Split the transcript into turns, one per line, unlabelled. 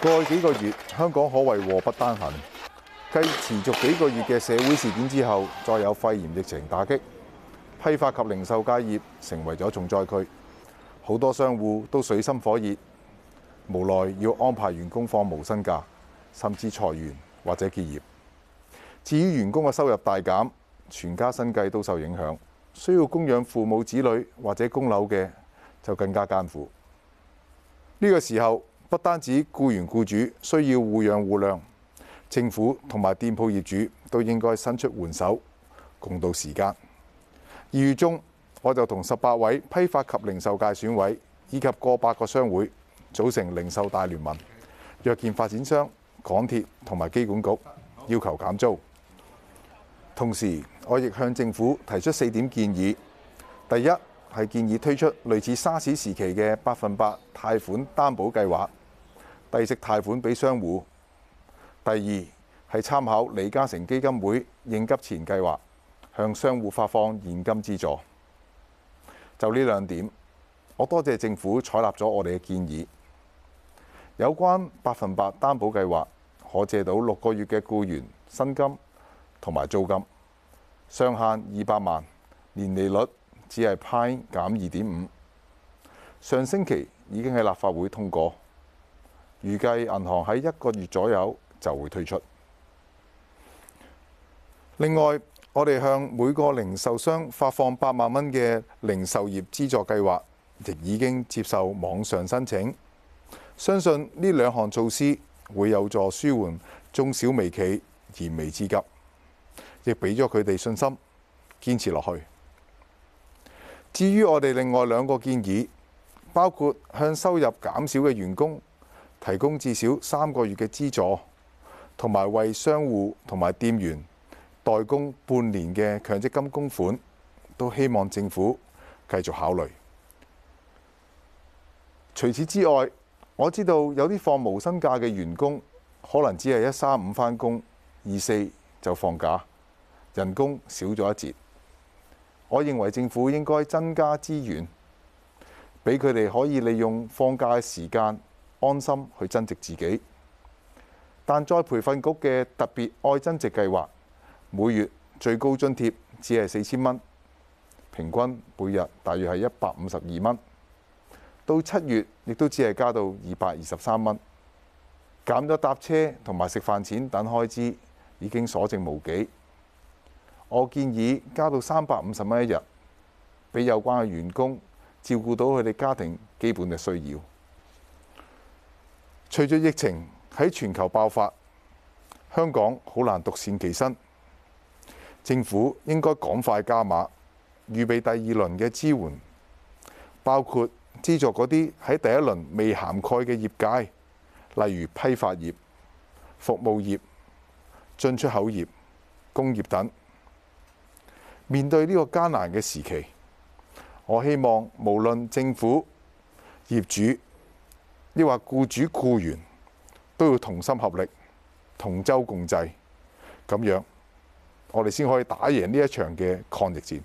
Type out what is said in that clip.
過去幾個月，香港可謂禍不單行。繼持續幾個月嘅社會事件之後，再有肺炎疫情打擊，批發及零售界業成為咗重災區。好多商戶都水深火熱，無奈要安排員工放無薪假，甚至裁員或者結業。至於員工嘅收入大減，全家生計都受影響，需要供養父母子女或者供樓嘅，就更加艱苦。呢、這個時候，不單止雇員、雇主需要互讓互諒，政府同埋店鋪業主都應該伸出援手，共度時間。二月中，我就同十八位批發及零售界選委以及過百個商會組成零售大聯盟，約見發展商、港鐵同埋機管局，要求減租。同時，我亦向政府提出四點建議。第一，係建議推出類似沙士時期嘅百分百貸款擔保計劃，低息貸款俾商戶。第二係參考李嘉誠基金會應急錢計劃，向商戶發放現金資助。就呢兩點，我多謝政府採納咗我哋嘅建議。有關百分百擔保計劃，可借到六個月嘅僱員薪金同埋租金上限二百萬，年利率，只係派減二點五，上星期已經喺立法會通過，預計銀行喺一個月左右就會推出。另外，我哋向每個零售商發放八萬蚊嘅零售業資助計劃，亦已經接受網上申請。相信呢兩項措施會有助舒緩中小微企燃眉之急，亦俾咗佢哋信心堅持落去。至於我哋另外兩個建議，包括向收入減少嘅員工提供至少三個月嘅資助，同埋為商戶同埋店員代供半年嘅強積金供款，都希望政府繼續考慮。除此之外，我知道有啲放無薪假嘅員工，可能只係一三五返工，二四就放假，人工少咗一截。我認為政府應該增加資源，俾佢哋可以利用放假嘅時間安心去增值自己。但再培訓局嘅特別愛增值計劃，每月最高津貼只係四千蚊，平均每日大約係一百五十二蚊。到七月亦都只係加到二百二十三蚊，減咗搭車同埋食飯錢等開支，已經所剩無幾。我建議加到三百五十蚊一日，俾有關嘅員工照顧到佢哋家庭基本嘅需要。隨住疫情喺全球爆發，香港好難獨善其身。政府應該趕快加碼預備第二輪嘅支援，包括資助嗰啲喺第一輪未涵蓋嘅業界，例如批發業、服務業、進出口業、工業等。面對呢個艱難嘅時期，我希望無論政府、業主，抑或僱主、僱員，都要同心合力、同舟共濟，咁樣我哋先可以打贏呢一場嘅抗疫戰。